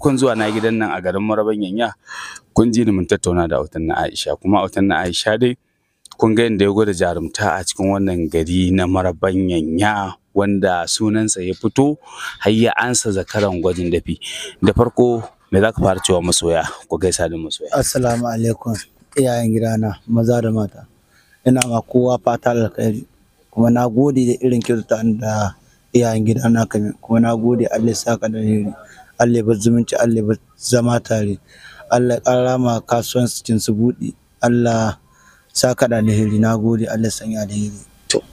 farkon zuwa na gidan nan a garin Maraban Yanya kun ji ni mun tattauna da autan na Aisha kuma autan na Aisha dai kun ga yadda ya gwada jarumta a cikin wannan gari na Maraban Yanya wanda sunansa ya fito har ya ansa zakaran gwajin dafi da farko me za ka fara cewa masoya ku gaisa da masoya assalamu alaikum iyayen gidana maza da mata ina ma kowa fata alkhairi kuma na gode da irin kyautata da iyayen gidana kuma na gode Allah ya saka da Allah bar zumunci Allah bar zama tare Allah ƙara ma kasuwancin su buɗe Allah sa ka da alheri nagode Allah sanya alheri to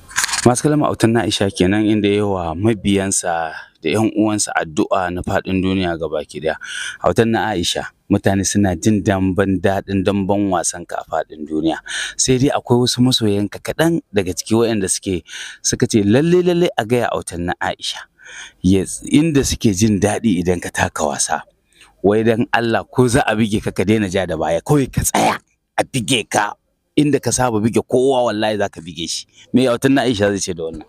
masu kalma autan na Aisha kenan inda yawa mabiyansa da 'yan uwansa addu'a na faɗin duniya gabaki daya autan na Aisha mutane suna jin damban daɗin damban wasan ka a faɗin duniya sai dai akwai wasu masoyanka kaɗan daga ciki waɗanda suke suka ce lalle lalle a gaya autan na Aisha yes, inda suke jin daɗi idan ka taka wasa wai dan Allah ko za a bige ka ka daina ja da baya kawai ka tsaya a bige ka inda ka saba bige kowa wallahi za ka bige shi me yautan na Aisha zai ce da wannan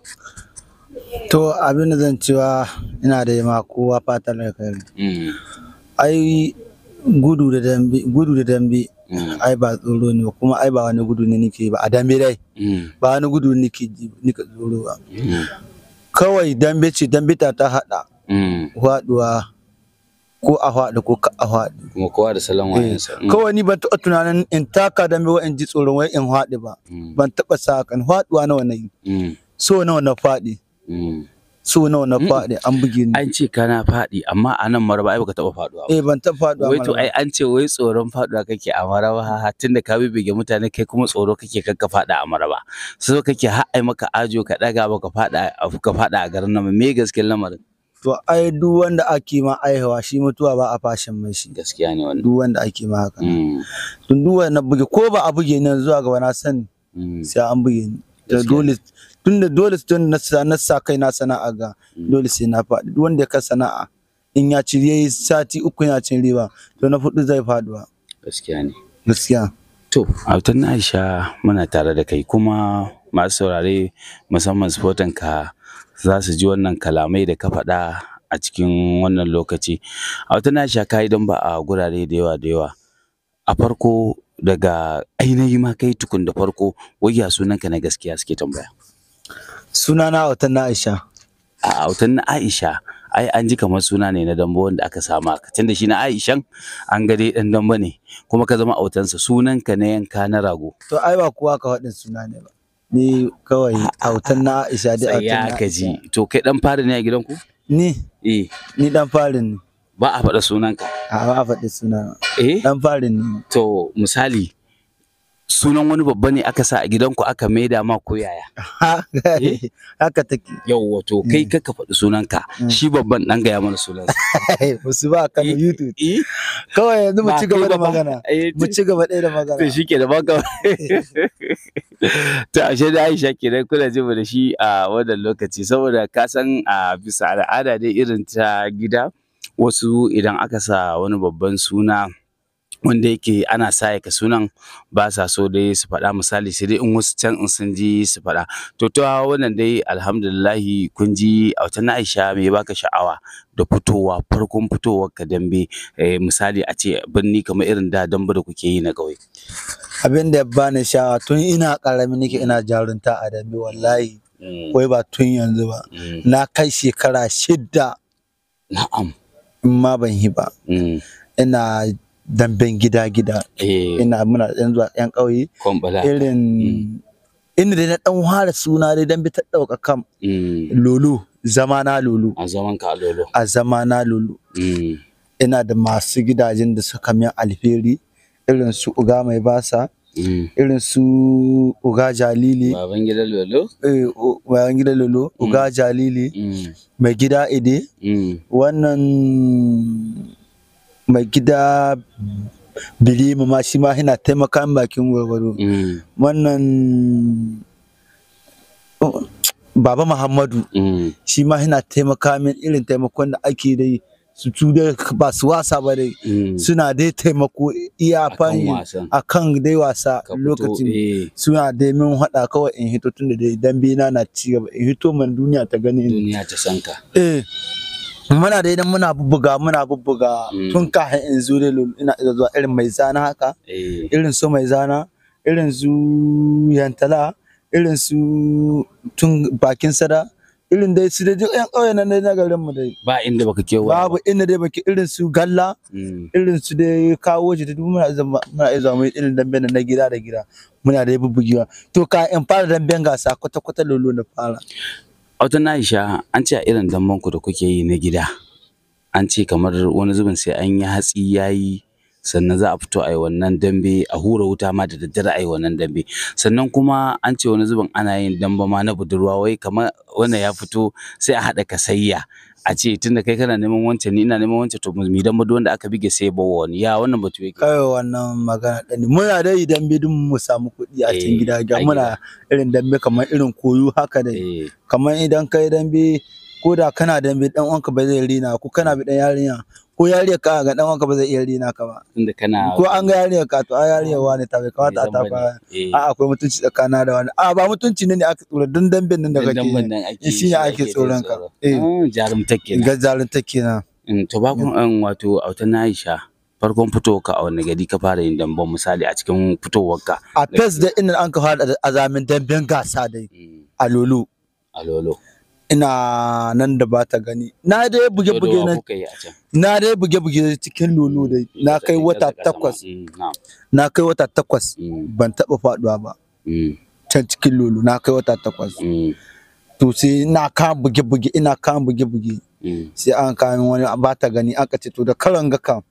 to abin da zan cewa ina da ma kowa fatan kai mm. ai gudu da dambe gudu da dambe mm. ai ba tsoro ne kuma ai ba wani gudu ne nake ba a dambe dai mm. ba wani gudu nake nika tsoro ba kawai dambe ce dambe ta ta haɗa Waɗuwa mm. ko a faɗi ko ka a faɗi. Kuma kowa da salon eh, sa. Mm. Kawai ni ban taɓa tunanin in taka dambe wa in ji tsoron wai in faɗi ba. Mm. Ban taɓa sa kan haɗuwa nawa na yi. So nawa na faɗi. so nawa na faɗi an bugi ni an ce kana faɗi amma a nan maraba ai baka taɓa faɗuwa eh ban taɓa faɗuwa wai to ai an ce wai tsoron faɗuwa kake a maraba ha tunda ka bibige mutane kai kuma tsoro kake kanka faɗa a maraba Su so kake har ai maka ajo ka daga baka faɗa ka faɗa a garin nan me gaskiyar lamarin to ai duk wanda ake ma aihawa shi mutuwa ba a fashin mai shi gaskiya ne wannan duk wanda ake ma haka mm. tun duk wanda buge ko ba a buge ni zuwa ga wani sani mm. sai an buge ni dole tunda dole tun na sa kai na sana'a ga mm. dole sai na faɗi wanda ka sana'a in ya ci yayi sati uku ya cin riba to na fudu zai faduwa gaskiya ne gaskiya to na Aisha muna tare da kai kuma masu saurare musamman sportin ka za su ji wannan kalamai da ka faɗa a cikin wannan lokaci na Aisha kayi don ba a gurare da yawa da yawa a farko daga ainihi ma kai tukun da farko wai ya sunanka na gaskiya suke tambaya Suna na Autan na Aisha. A Autan na Aisha ai an ji kamar suna ne na dambo wanda aka sama ka tunda shi na Aishan an ga dai dan dambo ne kuma ka zama autansa sunanka na yanka na rago. To ai ba kowa ka wadin suna ne ba. Ni kawai autan na Aisha dai autan na. Ya ka ji to kai dan fari ne a gidanku? Ni. Eh. Ni dan farin ne. Ba a faɗa sunanka. A ba a faɗi suna. Eh. Dan farin ne. To misali sunan wani babba ne aka sa a gidanku aka maida ma ko yaya eh. haka take yau wato kai mm. ka kaka faɗi sunanka mm. shi babban dan gaya mana sunan musu ba kan eh, youtube eh. kawai yanzu mu ci gaba da magana mu ci gaba ɗaya da magana to shike da baka ta ashe da Aisha kenan kuna ji mu da shi a wannan lokaci saboda ka san a bisa al'ada dai irin ta gida wasu idan aka sa wani babban suna wanda yake ana sa ya ka sunan ba sa so dai su faɗa misali sai dai in wasu can in sun ji su faɗa to to wannan dai alhamdulillahi kun ji a wata na Aisha me baka sha'awa da fitowa farkon fitowar ka dambe eh, misali a ce birni kamar irin da dambe da kuke yi na ƙauye abin da ba ni sha'awa tun ina karami nake ina jarunta a dambe wallahi mm. wai ba tun yanzu ba mm. na kai shekara shidda na'am in ma ban yi ba mm. ina damben gida-gida eh. ina muna yan zuwa yan kauye irin mm. inda dai na dan fara suna dai dan bi ta dauka kam mm. lulu zama na lulu a zaman ka lulu a zama na lulu mm. ina da masu gidajen da suka min alheri irin su uga mai basa irin su uga jalili baban gida lolo eh baban gida lolo uga jalili mai gida ide wannan mai gida bilimu ma shi ma yana taimaka bakin warwaro mm. wannan baba muhammadu mm. shi ma yana taimaka min irin taimakon da ake dai su da ba su wasa ba dai mm. suna dai taimako iya fanyi a kan dai wasa lokacin eh. suna dai min haɗa kawai in hito tun da dai dambe na na ci gaba in hito man duniya ta gani duniya ta santa. eh muna da idan muna bubbuga muna bubbuga hmm. tun kafin in zo da ina zuwa irin mai zana haka eh. irin su mai zana irin su yantala irin su tun bakin sada irin dai su dai yan ƙauye nan dai na garin mu dai ba inda baka wa babu inda dai baki irin su galla hmm. irin su dai kawo ji duk muna muna izuwa mu irin damben na gida da gida muna dai bubbugewa to ka in fara damben gasa kwata kwata lolo na fara A wajen Aisha an ce a irin damben ku da kuke yi na gida an ce kamar wani zubin sai an yi hatsi yayi sannan za a fito a yi wannan dambe a hura wuta ma da daddare a yi wannan dambe sannan kuma an ce wani zubin ana yin damba ma na budurwa wai kamar wannan ya fito sai a haɗa kasayya a ce da kai kana neman wancan ni ina neman wancan to mu idan mudu wanda aka bige sai ba wani ya wannan batu yake kai wannan magana dani muna dai idan bidin mu samu kuɗi a cikin eh, gida ga muna irin dambe kamar irin koyo haka dai eh. kamar idan kai dambe ko da kana dambe dan uwanka ba zai rina ko kana bi dan yarinya ko yariyar ka ga dan wanka ba zai iya rina ka ba tunda kana ko an ga yariyar ka to a yariyar wani ta bai kamata a ta ba a eh. akwai mutunci tsakanin da wani a ba mutunci ne aka tsoro dan danben nan da kake shi ne ake tsoron ka eh ah, jarumta kenan ga jarumta kenan mm, to ba kun an um, wato autan Aisha farkon fitowarka a wani gari ka fara yin damben misali a cikin fitowarka a fes da inda an ka fara azamin damben gasa dai mm. a lolo a lolo ina nan da ba ta gani na dai buge buge na na dai buge buge cikin lulu dai mm, mm, na kai wata takwas na kai wata takwas ban taba faduwa ba mm. can cikin lulu na kai wata takwas to sai ina ka buge buge ina ka buge buge sai an kawo wani ba ta gani aka ce to da karan ga kam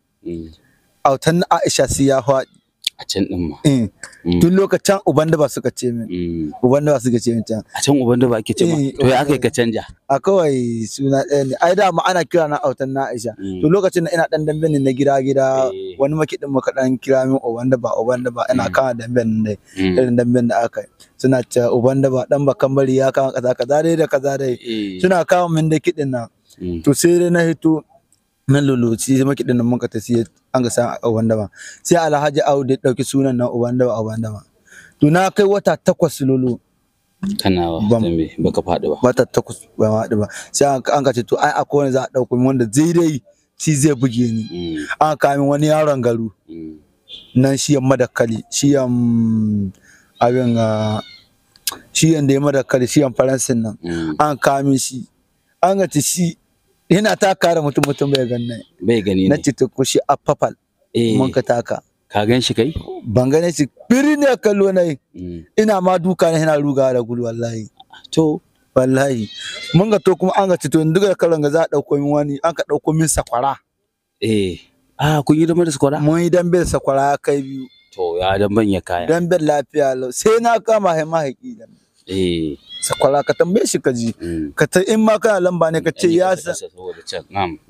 autan Aisha sai ya faɗi a can din ma eh, mm. tun lokacin uban da ba suka ce min mm. uban da ba suka ce min can a can uban da ba ake ce ma eh, to ya aka ka canja a kawai suna ɗaya ne ai da ma ana kira na autan na Aisha mm. to lokacin na ina dan dambe na gida gida eh. wani makidin maka dan kira min uban da ba uban da ba ina kana damben ne irin damben da aka suna ce uban da ba dan bakan bari ya kama kaza kaza dai da kaza dai suna kawo min da kidin na. to sai dai na hito nan shi zama kiɗin nan mun ka ta siya an ga san a ba sai alhaji audu da ɗauki sunan nan ba a wandama to na kai wata takwas lulu kana ba baka faɗi ba wata takwas ba faɗi ba sai an ka ce to ai akwai wani za a ɗauko wanda zai dai shi zai buge ni mm. an ka min wani yaron garu mm. nan shi shiyan madakali shiyan abin ah, yamma da ya madakali shiyan faransin nan mm. an min shi an ga ci shi Ina taka da mutum mutum bai gani. Bai gane ne. Na ci tukushi a fafal. Eh. Mun ka taka. Ka gan shi kai? Ban gane shi biri ne kallo na mm. Ina ma duka na ina ruga da gudu wallahi. To. Wallahi. Mun ga to kuma an ga ci to duk da karon ga za a ɗauko min wani an ka ɗauko min sakwara. Eh. Ah kun yi da da sakwara? Mun yi dambe da sakwara kai biyu. To ya ban ya kaya. Damben lafiya lau sai na kama hai mahaƙi dambe. sakwala eh. sakwara ka tambaye shi ka ji mm. ka ta in ma kana lamba ne ka ce ya san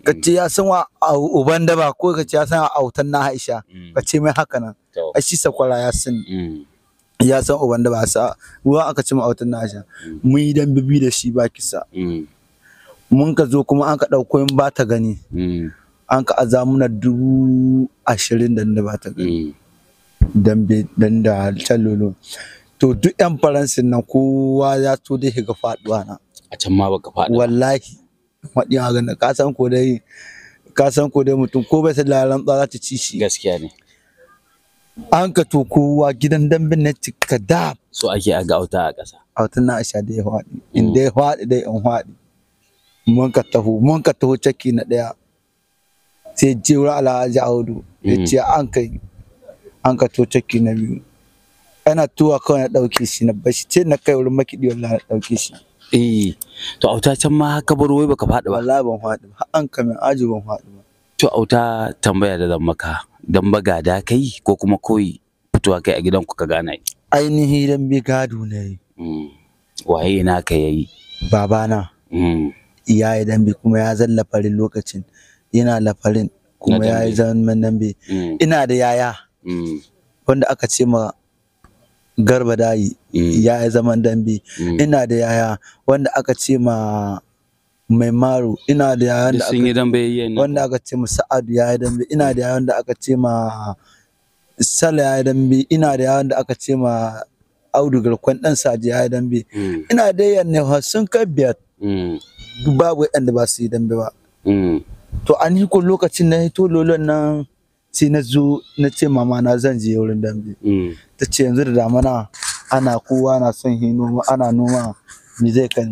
ka ce ya san wa uban daba ko ka ce ya san autan na Aisha mm. ka ce mai haka nan a shi sakwara ya san mm. ya san uban daba sa ruwa aka ce mu autan na Aisha mun yi dan bibi da shi ba kisa mun ka zo kuma an ka dauko in ba ta gani an ka azamuna dubu ashirin da ba ta gani dan da can lolo to duk yan faransin nan kowa ya to dai shiga faduwa na a can ma baka faɗi wallahi faɗi a ganin ka san ko dai ka san ko dai mutum ko bai san lalan za ta ci shi gaskiya ne an ka to kowa gidan dambin na cika da so ake a ga a ƙasa A wata na asha da ya faɗi in dai faɗi dai in faɗi mun ka taho mun ka taho caki na ɗaya sai jira alhaji audu ya mm. ce an kai an ka to caki na biyu yana tuwa kawai na ɗauke shi na bashi ce na kai wurin makiɗi wallahi na ɗauke shi eh to auta can ma haka baro wai baka faɗi ba wallahi ban faɗi ba har an kame aji ban faɗi ba to auta tambaya da zan maka dan baga da kai ko kuma koyi fitowa kai a gidan ku ka gana ainihi dan bi gado ne hmm, waye na ka yayi babana hmm. iyaye dan bi kuma ya zalla farin lokacin yana lafarin kuma ya yi zaman dambe hmm. ina da yaya wanda aka ce ma garba dayi mm. ya yi zaman dambe mm. ina da yaya wanda aka ce ma mai maru ina da yaya wanda aka ce ma sa'adu ya yi dambe ina da yaya wanda aka ce ma sala ya yi dambe ina da yaya wanda aka ce ma audu garkon dan saji ya yi dambe mm. ina da yanne sun kai biyar babu yadda ba su yi dambe ba to an hikon lokacin na hito lolon nan sai na zo na ce mama na zan je wurin dambe mm. ta ce yanzu da damana ana kowa na son yi noma ana noma me zai kan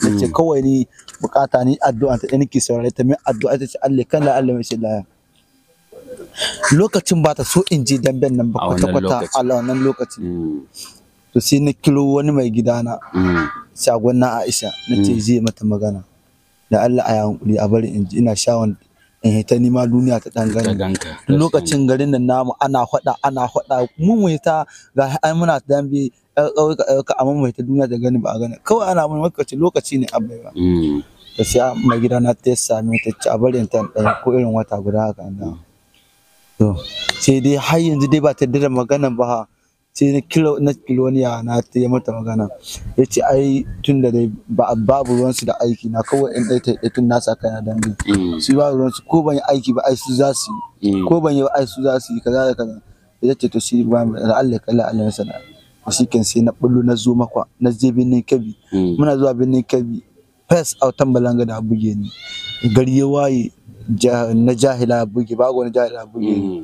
ta ce mm. kawai ni bukata ni addu'a ta ki saurare ta min addu'a ta ce Allah kan la Allah mai laya lokacin ba ta so in je damben nan ba kwata kwata a wannan lokacin mm. to sai na kiro wani mai gidana shagon na Aisha na ce zai mata magana da Allah a yankuri a bari in ji ina shawon eh ta nima duniya ta dangane lokacin garin nan namu ana faɗa ana faɗa mu mu ta ga ai muna ta dambe ka amma mai ta duniya ta gani ba gani kawai ana mun lokaci lokaci ne abai ba ta mm. sai mai gida na ta sami ta ci a ta ɗaya ko irin wata guda haka to sai dai har yanzu dai ba ta da magana ba sai na kilo na kiloniya na ta yi mata magana ya ce ai tun da dai ba babu ruwansu da aiki na kawai in ɗaya ta tun na sa kana dambe mm. su ba ruwansu ko ban yi aiki ba ai su za su yi mm. ko ban yi ba ai su za su yi kaza da kaza ya ce to shi ba da Allah kala Allah ya sana shi kan sai na bullo na zo makwa na je birnin kabi. Mm. muna zuwa birnin kabi fes a tambalanga da buge ni gari ya waye na jahila buge ba wani jahila buge ni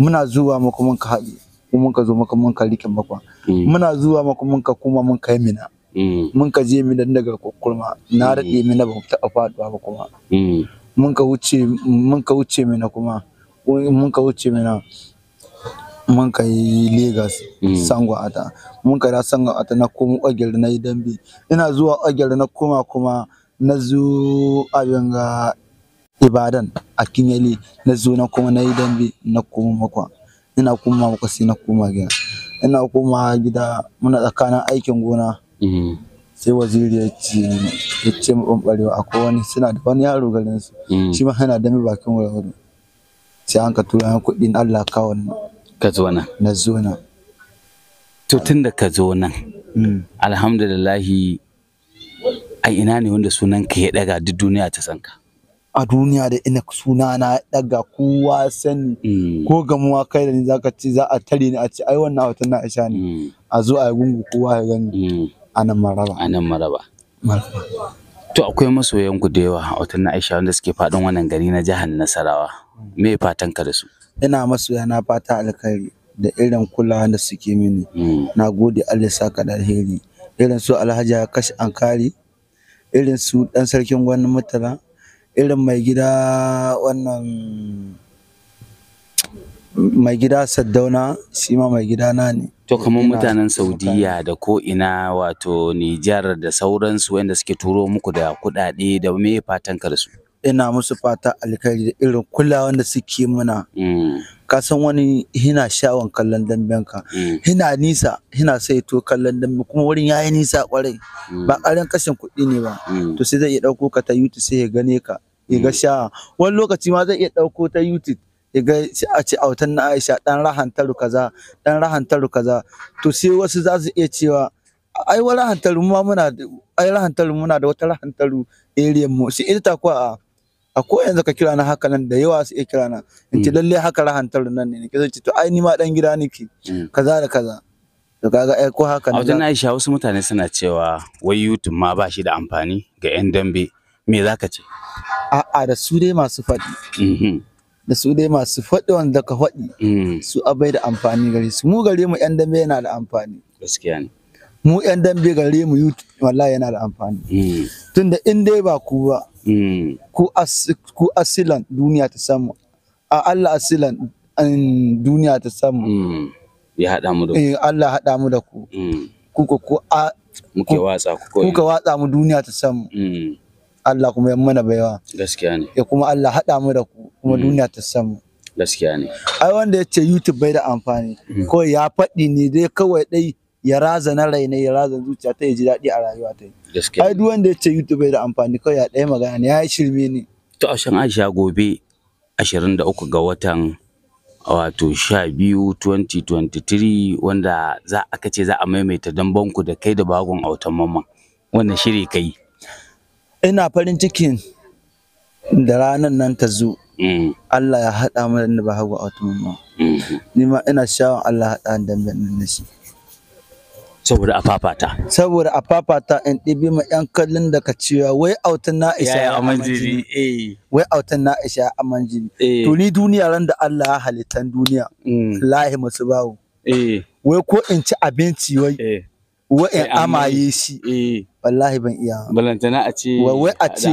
muna zuwa mu kuma ka haɗe kuma ka zo maka mun ka rike makwa mm. muna zuwa maka mun ka kuma mun kai mina mm. mun ka je mina daga kokurma na mm. rade mina ba ta faduwa ba kuma mun ka wuce mun ka wuce mina kuma mun ka wuce mina mun ka yi Legas sango ata mun ka da sango ata na komo agir na yi dambe ina zuwa agir na koma kuma na zo abin ga Ibadan a Kinyali na zo na kuma na yi dambe na komo makwa ina kuma makwasi na kuma gida ina kuma gida muna tsakanin aikin gona mm. sai waziri ya ce ya ce mu bambarewa akwai wani suna da wani yaro garin su mm. shi ma yana dami bakin wani? sai an ka tura kuɗin Allah ka wani ka zo nan na zo nan to tunda ka zo nan mm. alhamdulillah a ina ne wanda sunan ka ya daga duk duniya ta san ka a duniya da ina suna na daga kowa sani mm. ko gamuwa kai da ni zaka ce za a tare ni a ce ai wannan hoton na Aisha ne mm. a zo a gungu kowa ya gani mm. anan maraba anan maraba to akwai masoyan ku da yawa a hoton na Aisha wanda suke fadin wannan gari na jihar Nasarawa me fatan ka da su ina masoya na fata alkhairi da irin kula da suke mini na gode Allah saka da alheri irin su Alhaji Kash Ankari irin su dan sarkin gwanin mutala irin mai gida wannan mai gida saddauna shi ma mai gida na ne to kamar mutanen saudiya da ko ina wato nijar da sauransu wanda suke turo muku da kuɗaɗe da me fatan ka su ina musu fata alkhairi da irin kulawan da suke muna mm. ka san wani hina shawon kallon damben ka mm. hina nisa hina sai to kallon damben kuma wurin yayi nisa kwarai mm. ba ƙarin kashin kuɗi ne ba to sai zai iya ɗauko ka ta youtube sai ya gane ka ya ga sha wani lokaci ma zai iya ɗauko ta youtube ya ga a ce autan na aisha ɗan rahantaru kaza ɗan rahantaru kaza to sai wasu za su iya cewa ai wala hantaru ma muna ai rahantaru muna da wata rahantaru area mu shi ita kuwa a ko yanzu ka kira na haka nan da yawa su iya kira na in ce mm. lalle haka rahantar nan ne nake zai ce to ai ni ma dan gida nake mm. kaza da kaza to kaga ai ko haka nan a Aisha wasu mutane suna cewa wai YouTube ma ba shi da amfani ga yan dambe me zaka ce a'a da su dai masu faɗi mm-hmm. da su dai masu faɗi wanda ka faɗi mm. su abai da amfani gare su mu gare mu yan dambe yana da amfani gaskiya ne mu yan dambe gare mu YouTube wallahi yana da amfani tunda in dai ba ku ba ko asilan duniya ta samu a Allah asilan duniya ta samu ya hada mu da ku eh, Allah hada mu da ku mm. kuka ko a muke watsa ku ka watsa mu duniya ta samu mm. Allah kuma ya mana baiwa gaskiya ne ya kuma Allah hada mu da ku kuma mm. duniya ta samu gaskiya ne ai wanda yace YouTube bai da amfani ko ya faɗi ne dai kawai dai ya razana raina ya raza zuciya ta ya ji daɗi a rayuwa ta gaskiya ai duk wanda ya ce youtube bai da amfani kawai ya ɗaya magana ne ya shirme ne to a shan aisha gobe 23 ga watan wato 12 2023 wanda za aka ce za a maimaita don banku da kai da bagon autan mamman wannan shiri kai ina farin cikin da ranar nan ta zo mm. Allah ya haɗa mu da bahago autan mamman mm-hmm. ni ma ina sha'awar Allah haɗa da nan shi saboda a fafata saboda a fafata in ɗibi ma yan kallon da ka cewa wai autan na isha eh. ya aman jini wai autan na isha ya aman jini to ni duniya ran da Allah ya halittan duniya mm. lahi masu bawo eh wai ko in ci abinci wai eh. wai in amaye shi eh wallahi ban iya balantana a ce wai a ce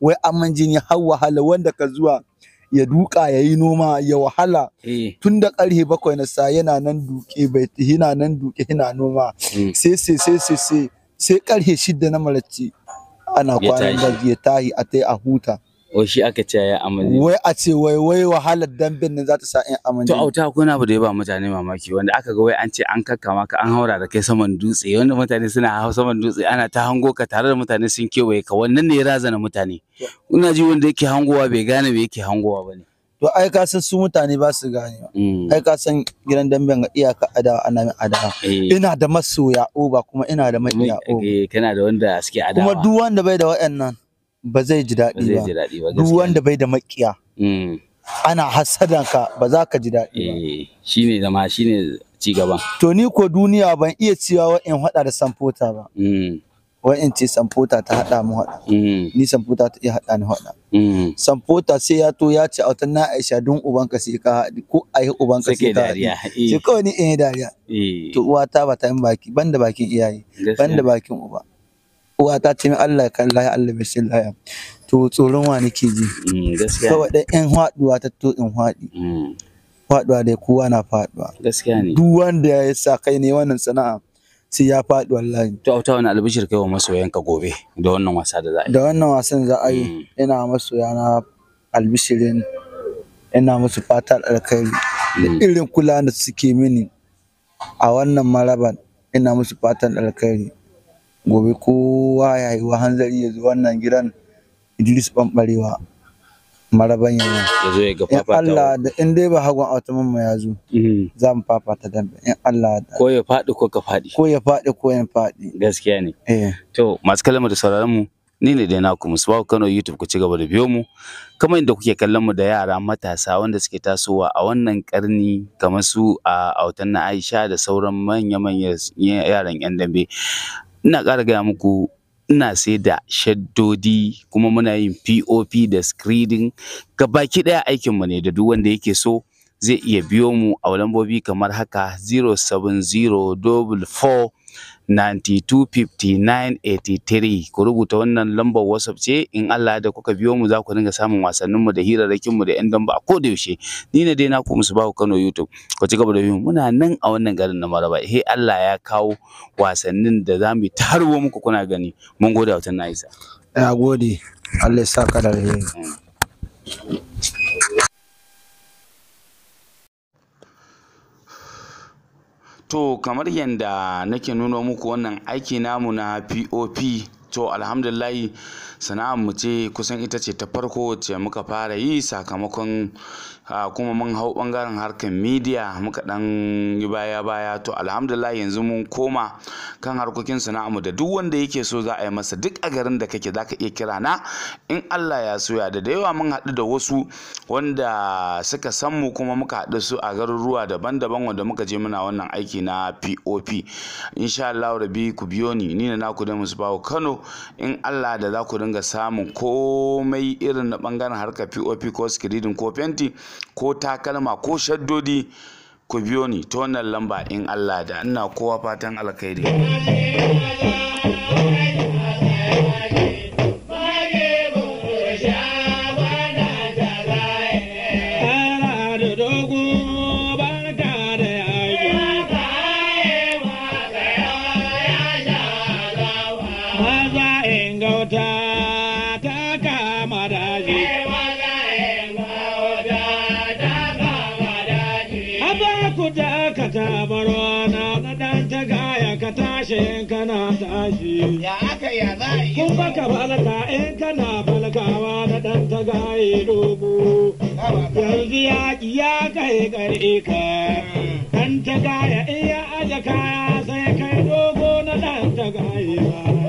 wai aman jini har wahala wanda ka zuwa ya duka ya yi noma ya wahala eh. tun da karhe bakwai na sa yana nan duke bai yana nan duke yana noma hmm. sai sai sai sai sai sai karhe shidda na malaci ana kwanan gaji ya tahi a tai a huta O shi aka ce ya amince. Wai a ce wai wai wahalar dambin nan za ta sa in amince. To auta ko na ba da ba mutane mamaki wanda aka ga wai an ce an kakka ka an haura da kai saman dutse wanda mutane suna hawa saman dutse ana ta hango ka tare da mutane sun kewaye ka wannan ne ya razana mutane. Ina ji wanda yake hangowa bai gane me yake hangowa ba ne. To ai ka san su mutane ba su gane. Mm. Ai ka san gidan damben ga iyaka adawa ana min adawa. Eh. Ina da masoya uba kuma ina da mai iya eh, Kana da wanda suke adawa. Kuma duk wanda bai da waɗannan ba zai ji daɗi ba duk wanda bai da makiya mm. ana hasadanka ba za ka ji daɗi ba eh, shine zama shine ci gaban to ni ko duniya ban iya cewa wa'in hada da samfota ba mm. wa'in ce samfota ta hada mu hada mm. ni samfota ta iya hada ni hada samfota sai ya to ya ce wata na aisha don ubanka sai ka ko ai ubanka sai ka eh. sai kawai ni in dariya eh. to uwata ba ta yin baki banda bakin iyaye banda bakin uba uwa ta ce min Allah kan laya Allah bai shin laya to tsoron wa nake ji mm, kawai dan yan haduwa ta to in hadi faduwa mm. da kowa na faduwa gaskiya ne duk wanda ya sa kai ne wannan sana'a sai ya faɗi wallahi. To auta wani albishir kai wa ka gobe da wannan wasa da za a yi. Da wannan wasan za a yi mm. ina masoya na albishirin ina musu fatar alkhairi da irin kula da suke mini a wannan maraban ina musu fatan alkhairi. gobe kowa ya yi wa hanzari ya zo wannan gidan Idris Bambarewa maraban yana ya zo ya ga fafata Allah da in dai ba hagun automan mu ya zo mm-hmm. za mu fafata da in Allah da ko ya fadi ko ka fadi ko ya fadi ko ya fadi gaskiya ne eh. to masu kalmar da sauraron mu ni ne da naku Musbahu Kano YouTube ku ci gaba da biyo mu kamar inda kuke kallon mu da yara matasa wanda suke tasowa a wannan karni kamar su a autan na Aisha da sauran manya-manyan yaran yan dambe ina ƙara gaya muku ina sai da shaddodi kuma muna yin pop da screening baki ɗaya aikinmu ne da duk wanda yake so zai iya biyo mu a lambobi kamar haka 070 4 83 ku rubuta wannan lambar WhatsApp ce in Allah da kuka biyo mu za ku dinga samun wasannin mu da hirarrakin mu da yan damba a koda yaushe ni ne dai naku musu bawo Kano YouTube ku ci gaba da yin muna nan a wannan garin na Maraba eh Allah ya kawo wasannin da za mu tarwo muku kuna gani mun gode wa tunna Isa gode Allah ya saka da to kamar yadda nake nuna muku wannan aiki namu na pop to alhamdulillahi sana'ar mu ce kusan ita ce ta farko ce muka fara yi sakamakon Ah, kuma mun hau bangaren harkar midiya muka dan yi baya baya to alhamdulillah yanzu mun koma kan harkokin sana'amu da duk wanda yake so za a yi masa duk a garin da kake zaka iya kira na in Allah ya soya da da yawa mun haɗu da wasu wanda suka san mu kuma muka haɗu su a garuruwa daban-daban wanda muka je muna wannan aiki na POP insha Allah rabi ku biyo ni ni na naku da musu bawo Kano in Allah da za ku dinga samun komai irin na bangaren harkar POP ko skiridin ko fenti ko takalma ko shaddodi ku biyo ni ta wannan lamba in Allah da ina kowa fatan alkhairi kana tashi ya aka ya za yi kun baka balaka in kana balakawa da dan ta gaye dogo yanzu ya ya kai kare ka dan ta gaya in ya aje kaya sai kai dogo na dan ta gaye ba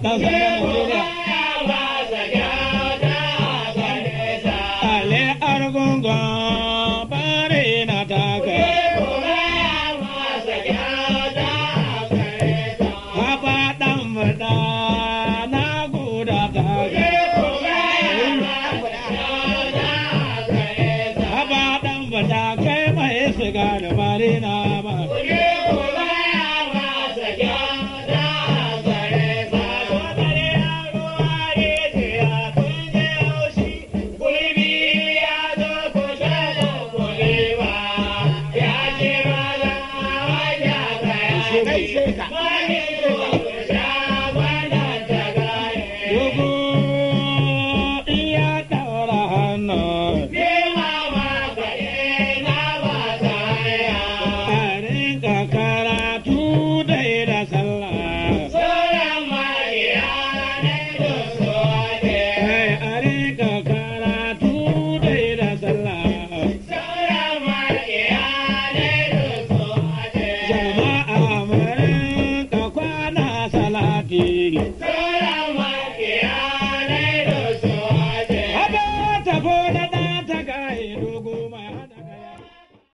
Tá Hey, hey,